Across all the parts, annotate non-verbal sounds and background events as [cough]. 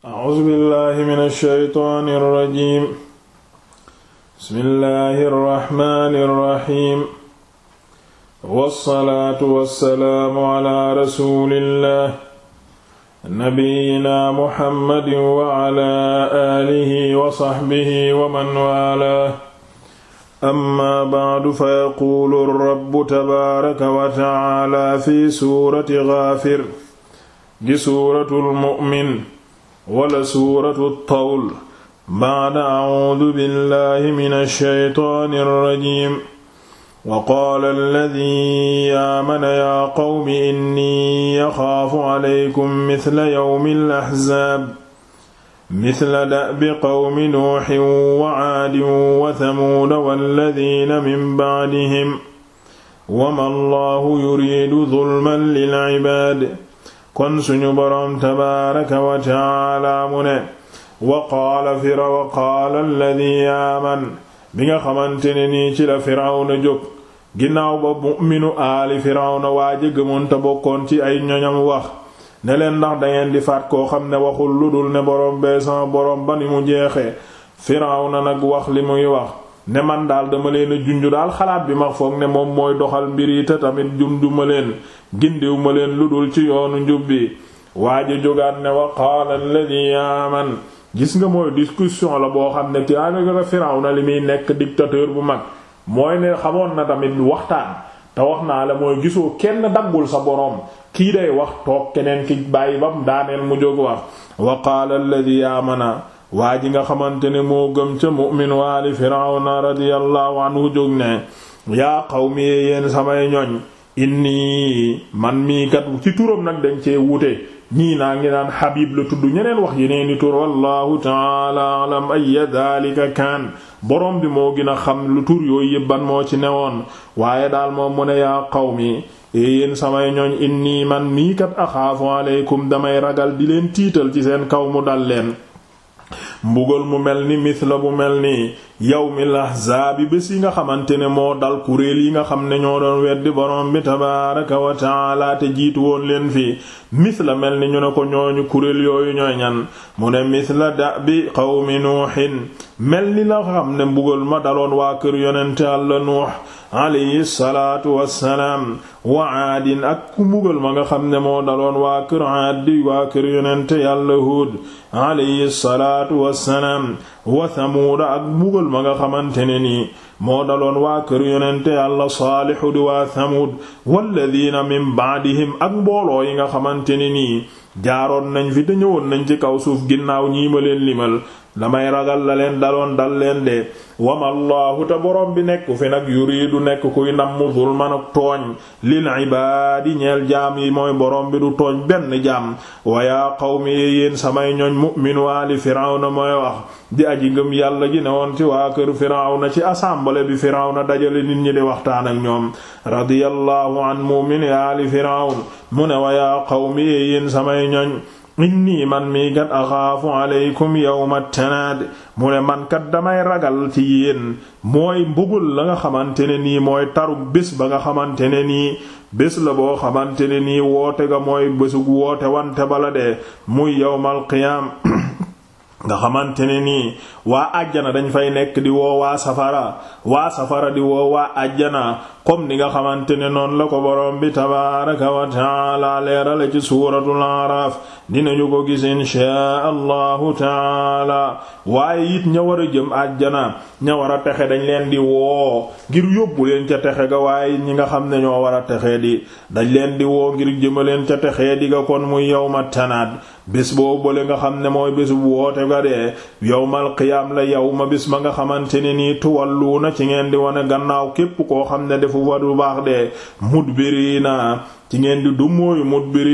A'uuzu billaahi mina shaytaani rajiim. Bismillaahi rahmaani rahiim. Wassalaatu wassalaamu alaa rasuulillaah. Nabiyyinaa Muhammadin wa alaa aalihi wa sahbihi wa man waalaah. Ammaa ba'du fa yaquulu rabbu tabaaraka wa ta'aalaa fi suurati Ghaafir, gi suuratul mu'min. wala suuratu tawl ba'da a'uudu billahi mina shaytaani rajiim wa qaala alladii aamana yaa qawmi innii yaxaafu alaykum mithla yawmil ahzaab mithla da'bi qawmi nuuhin wa 'aadin wa thamuuda walladiina min ba'dihim wa maa allaahu yuriidu zulman lil 'ibaad kon suñu boroom tabaaraka wa taala mu ne wa qaala fira qaala alladi aaman bi nga xamante ne nii ci la firawna jóg ginnaaw ba mu'minu aali firawna waa jëggamoon te bokkoon ci ay ñoñam wax ne leen ndax dangeen di faat koo xam ne waxul lu dul ne borom bee sama boroom ba ni mu jeexee firawna nag wax li muy wax ne man daal dama leen a junju daal xalaat bi ma foog ne moom mooy doxal mbir yi te tamit ju ma leen gindiw ma leen lu dul ci yoonu njub bi waaja jógaat ne wa qaala alladhi gis nga mooy discussion la boo xam ne tiaagara Firawna li muy nekk dictateur bu mag mooy ne xamoon na tamit waxtaan te wax naa la mooy gisoo kenn daggul sa boroom kii day wax toog keneen ki bàyyi bam daaneel mu jóg wax wa qaala alladhi waa ji nga xamante ne moo gëm ca mu'min waali firawna radiyallahu anhu jóg ne yaa qawmi yéen samay ñoñ inni man mii kat ci turam nag dañ cee wuute ñii naa ngi naan Habib la tudd ñeneen wax yeneeni tur wallahu taala alam ay daalika kan borom bi moo gën a xam lu tur yooyu yëpp ban moo ci newoon waaye daal moo mu ne yaa qawmi yéen samay ñoñ inni man mii kat axaafu aleykum damay ragal di leen tiital ci seen kaw mu dal leen mbugal mu mel ni mis la mu mel nii yawmil ahzaabi bés yi nga xamante ne moo dal kuréel yi nga xam ne ñoo doon weddi borom bi tabaaraka wa taala te jiitu woon leen fi misla mel ni ñu ne ko ñooñu kuréel yooyu ñooy ñan mu ne misla da bi qawmi nuuhin mel ni la xam ne mbugal ma daloon waa kër yonente yàlla nuux alayhi salaatu wassalaam wa aadin ak ku mbugal ma nga xam ne moo daloon waa kër aad waa kër yonente yàlla huud alayhi salaatu wassalaam wa samuuda ak mbugal ma nga xamante ne nii moo daloon waa kër yonente yàlla saalihu di waa samuud walladina min baadihim ak mbooloo yi nga xamante ne nii jaaroon nañ fi te ñëwoon nañ ci kaw suuf ginnaaw ñii ma leen limal damay ragal la leen daloon dal leen de wamallaahu te boroom bi nekku fi nag du nekk kuy nammu zulman ak tooñ lil ibaadi ñeel jaam yi mooy borom bi du tooñ benn jaam wa yaa qawmi yéen samay ñoñ mu'min waali firawna mooy wax di aji ngëm yàlla ji ne woon ci waa kër firawna ci assemblée bi firawna dajale nit ñi di waxtaan ak ñoom radiyallahu an mu'min waali firawn mu ne wa yaa qawmi yéen samay ñoñ inni man mii kat axaafu aleykum yawma tanaad mu ne man kat damay ragal ci yéen mooy mbugul la nga xamante ne nii mooy taru bés ba nga xamante ne nii bés la boo xamante ne nii woote ga mooy bésug woote wante bala de muy yawmal qiyaam [clears throat] nga xamante ne nii waa àjjana dañ fay nekk di woo waa safara waa safara di woo waa àjjana comme ni nga xamante ne noonu la ko borom bi tabaraka wa taala leerale ci suuratul araf dinañu ko gis inchaa allahu taala waaye it ña war a jëm àjjana ña war a texe dañ leen di woo ngir yóbbu leen ca texe ga waaye ñi nga xam ne ñoo war a texe di dañ leen di woo ngir leen ca texe di ga kon muy yawma tanaat bés boobu boole nga xam ne mooy bés bu woote ga dee yawmal qiyaam la yow ma bés ma nga xamante ne nii tuwallu na ci ngeen di wane gannaaw képp koo xam ne defu wadu baax dee na ci ngeen di du mooyu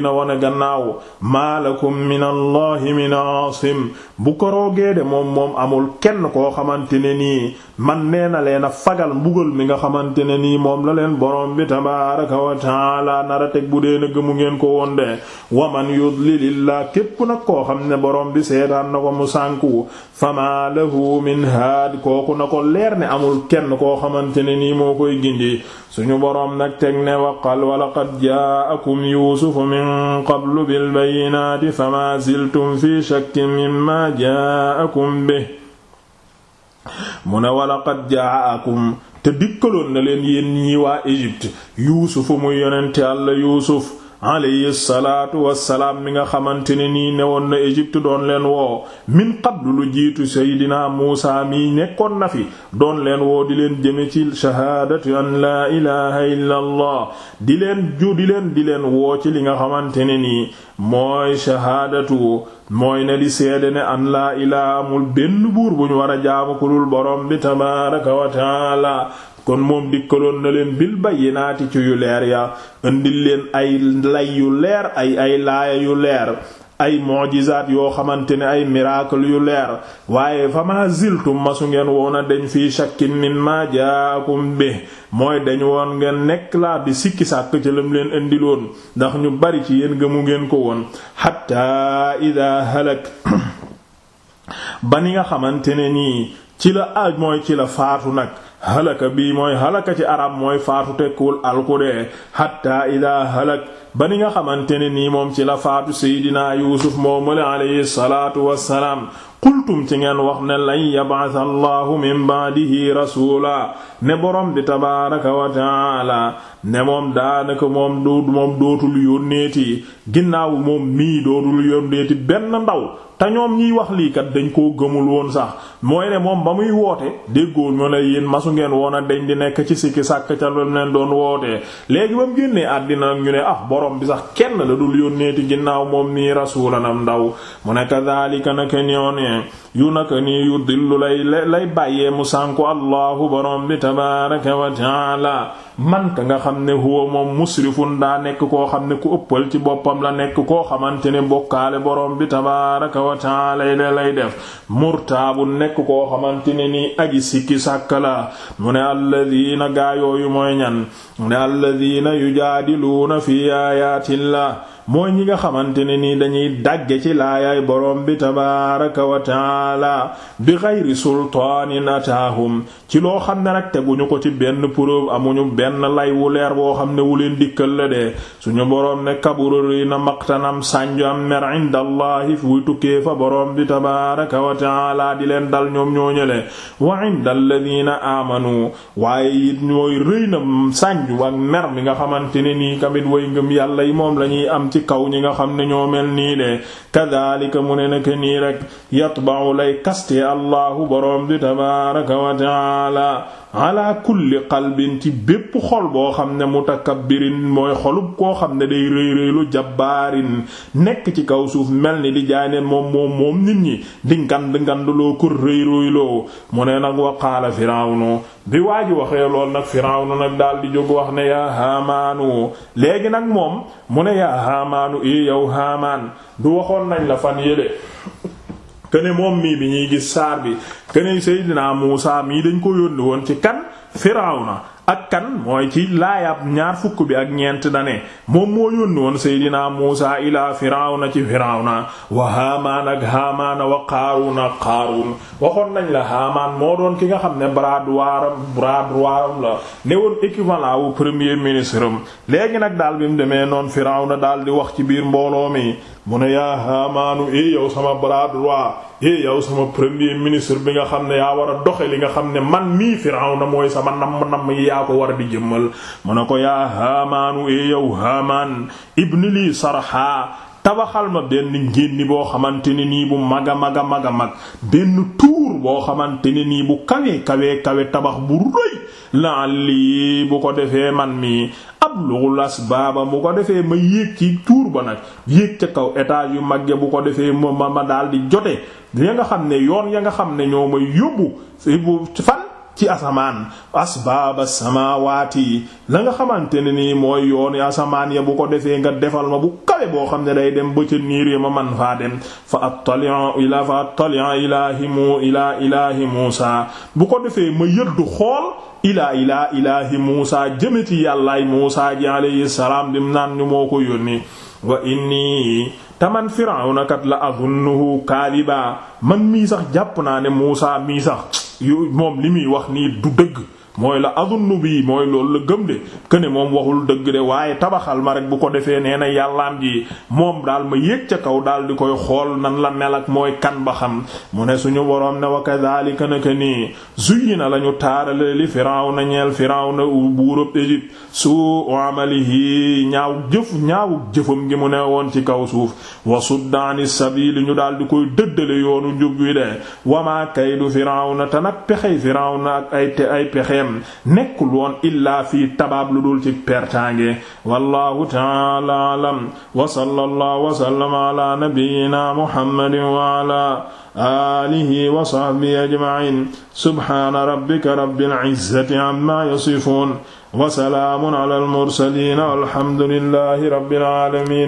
na wane gannaaw maalakum min allahi min aasim bu koroogee de moom moom amul kenn koo xamante ne nii man nee na leen fagal mbugal mi nga xamante ne nii moom la leen borom bi tabaaraka wa taala nara teg bu dee na gëmu ngeen ko woon de waman yudlilillaa képp nag koo xam ne borom bi seetaan na ko mu sànku fama lahu min haad kooku na ko leer ne amul kenn koo xamante ne nii moo koy gindi suñu borom nag teg ne waqal walaqad jaakum yuusufu min qablu bilbayinaati fama ziltum fi shakkin mimma jaakum bi mu ne walaqad jaakum te dikkaloon na leen yéen ñi waa Égypte yuusufu muy yonente Yàlla yuusuf alayhi salaatu wassalaam mi nga xamante ne nii newoon na Égypte doon leen woo min qablu lu jiitu seydinaa Muusaa mii nekkoon na fi doon leen woo di leen jëme ci shahaadatu an laa ilaha illa allah di leen ju di leen woo ci li nga xamante ne nii mooy shahaadatu mooy ne di seede ne an laa ilaha amul benn buur bu ñu war a jaamu ku borom bi tabaaraka wa taala kon moom dikkaloon na leen bil bayyinaati ci yu leer ya indil leen ay lay yu leer ay ay laaya yu leer ay mu'jizaat yoo xamante ne ay miracle yu leer waaye fa ma ziltum masu ngeen woon a dañ fii shakkin min ma mooy dañ woon ngeen nekk laa di sikki sàkk leen indiloon ndax ñu bari ci yéen gëmu ngeen ko woon hatta ida halak ba ni nga xamante ne nii ci la aaj mooy ci la faatu nag halaka bii mooy halaka ci arab mooy faatu tekkiwul alku dee hatta ida halak ba ni nga xamante ne nii moom ci la faatu seydina yuusuf moo mala alayhi salaatu wassalaam qultum ci ngeen wax ne lan yab'atha allahu min ba'dihi rasula ne borom di tabaaraka wa taala ne moom daanaka moom du moom dootul yónneeti ginnaaw moom mii dootul yónneeti benn ndaw te ñoom ñiy wax lii kat dañ ko gëmul woon sax mooy ne moom ba muy woote déggoo ñu ne yéen masu ngeen woon a deñ di nekk ci sikki sàkk ca lu leen doon wootee léegi ba mu génnee àddina ñu ne ah borom bi sax kenn la dul yónneeti ginnaaw moom nii rasulanam ndaw mu ne kadhalika naka ñoon ne yu naka nii yu dillu lay lay bàyyee mu sànku allahu borom bi tabaraka wa taala man ka nga xam ne huwa moom musrifun daa nekk koo xam ne ku ëppal ci boppam la nekk koo xamante ne bokkaale borom bi tabaraka wa taala la lay def murtaabu nekk koo xamante ne nii aji sikki sàkk la mu ne alladina gaayooyu mooy ñan mu ne alladina yujaadiluuna fi ayatillah mooy ñi nga xamante ne nii dañuy dàgge ci laayaay borom bi tabaaraka wa taala bi xayri sultaanin ataahum ci loo xam ne nag ñu ko ci benn preuve amuñu benn lay wu leer boo xam ne wu leen dikkal la de suñu borom ne kabururi na maqtanam sànju am mer indallahi fuy tukkee fa borom bi tabaaraka wa taala di leen dal ñoom ñoo ñële wa indalladina amanu waaye it ñooy rëy na sànju ak mer mi nga xamante ne nii kamit way ngëm yàlla yi moom lañuy am ci kaw ñi nga xam ne ñoo mel nii de kadhalika mu ne naka nii rek yatba'u lay kaste allahu boroom bi tabaaraka wa ta'ala ala kulli qalbin ci bépp xol boo xam ne mu mutakabbirin mooy xolub koo xam ne day rëy rëylu jabbaarin nekk ci kaw suuf mel ni di jaay ne moom moom moom nit ñi di ngand ngandloo ko rëy rëyloo mu ne nag wa qaala firawnu bi waa ji waxee lool nag firawnu nag daal di jóg wax ne yaa haamaanu léegi nag moom mu ne yaa haamaanu i yow haamaan du waxoon nañ la fan yéle kene moom mii bi ñuy gis saar bi kene Seydina Muusaa mii dañ ko yónni woon ci kan Firawna ak kan mooy ci laayab ñaar fukk bi ak ñeent dane moom moo yónni seydinaa muusa ilaa firawna ci firawna wa haamaan ak haamaana wa qaaruun ak qaaruun waxoon nañ la haamaan moo doon ki nga xam ne bras droitam bras la ne woon équivalent wu premier ministre am léegi nag daal bi mu demee noon firawna daal di wax ci biir mbooloo mi mu yaa haamaanu e sama bras droit eh yow sama premier ministre bi nga xam ne yaa war a doxe li nga xam ne man mii na mooy sama namm namm yi yaa ko war di jëmmal mu ne ko yaa Haamaanu eh yow Haamaan ibni lii sarha tabaxal ma benn ngénni boo xamante ni nii bu mag a mag a mag a mag benn tuur boo xamante ne nii bu kawe kawe kawe tabax bu rëy laalli bu ko defee man mii abluwul asbaaba mu ko defee ma yéeg ci tuur ba nag yéeg ca kaw étage yu mag ya bu ko defee ma ma ma daal di jote ya nga xam ne yoon ya nga xam ne ñoo may yóbbu fan ci asamaan asbaaba samawaati yi la nga xamante ne nii mooy yoon asamaan ya bu ko defee nga defal ma bu kawe boo xam ne day dem ba ca niir yi ma man faa dem fa attali'a ila fa attali'a ilaahi mu ila ilaahi Muusa bu ko defee ma yëddu xool ilaa ilaa ilaahi muusa jëme ci yàllaay muusa ji alayhi salaam dim naan ñu moo ko yónni wa inni taman firawna kat la azunnuhu kaadiba man mii sax jàpp naa ne muusa mii sax moom li muy wax nii du dëgg mooy la adunnu bi mooy loolu la gëm de këne moom waxul dëgg de waaye tabaxal ma rek bu ko defee nee na yàllaam ji moom daal ma yéeg ca kaw daal di koy xool nan la mel ak mooy kan ba xam mu ne suñu boroom ne wa kadhalika naka nii zuyyina lañu taarale li firawna ñeel firawna buurub Égypte suu amalihi ñaaw jëf ñaaw jëfam gi mu ne woon ci kaw suuf wa suddaani sabili ñu daal di koy dëddale yoonu njub wi de wamaa kaydu firawna te nag pexey firawna yem nekkul woon illaa fii tabaab lu dul ci pertange wallahu taala alam wa sallallahu wa sallama ala nabiyyina muhammadin wa ala alihi wa sahbihi ajma'in subhana rabbika rabbil izzati amma yasifun wa salaamun ala al mursalin walhamdulillahi rabbil alamin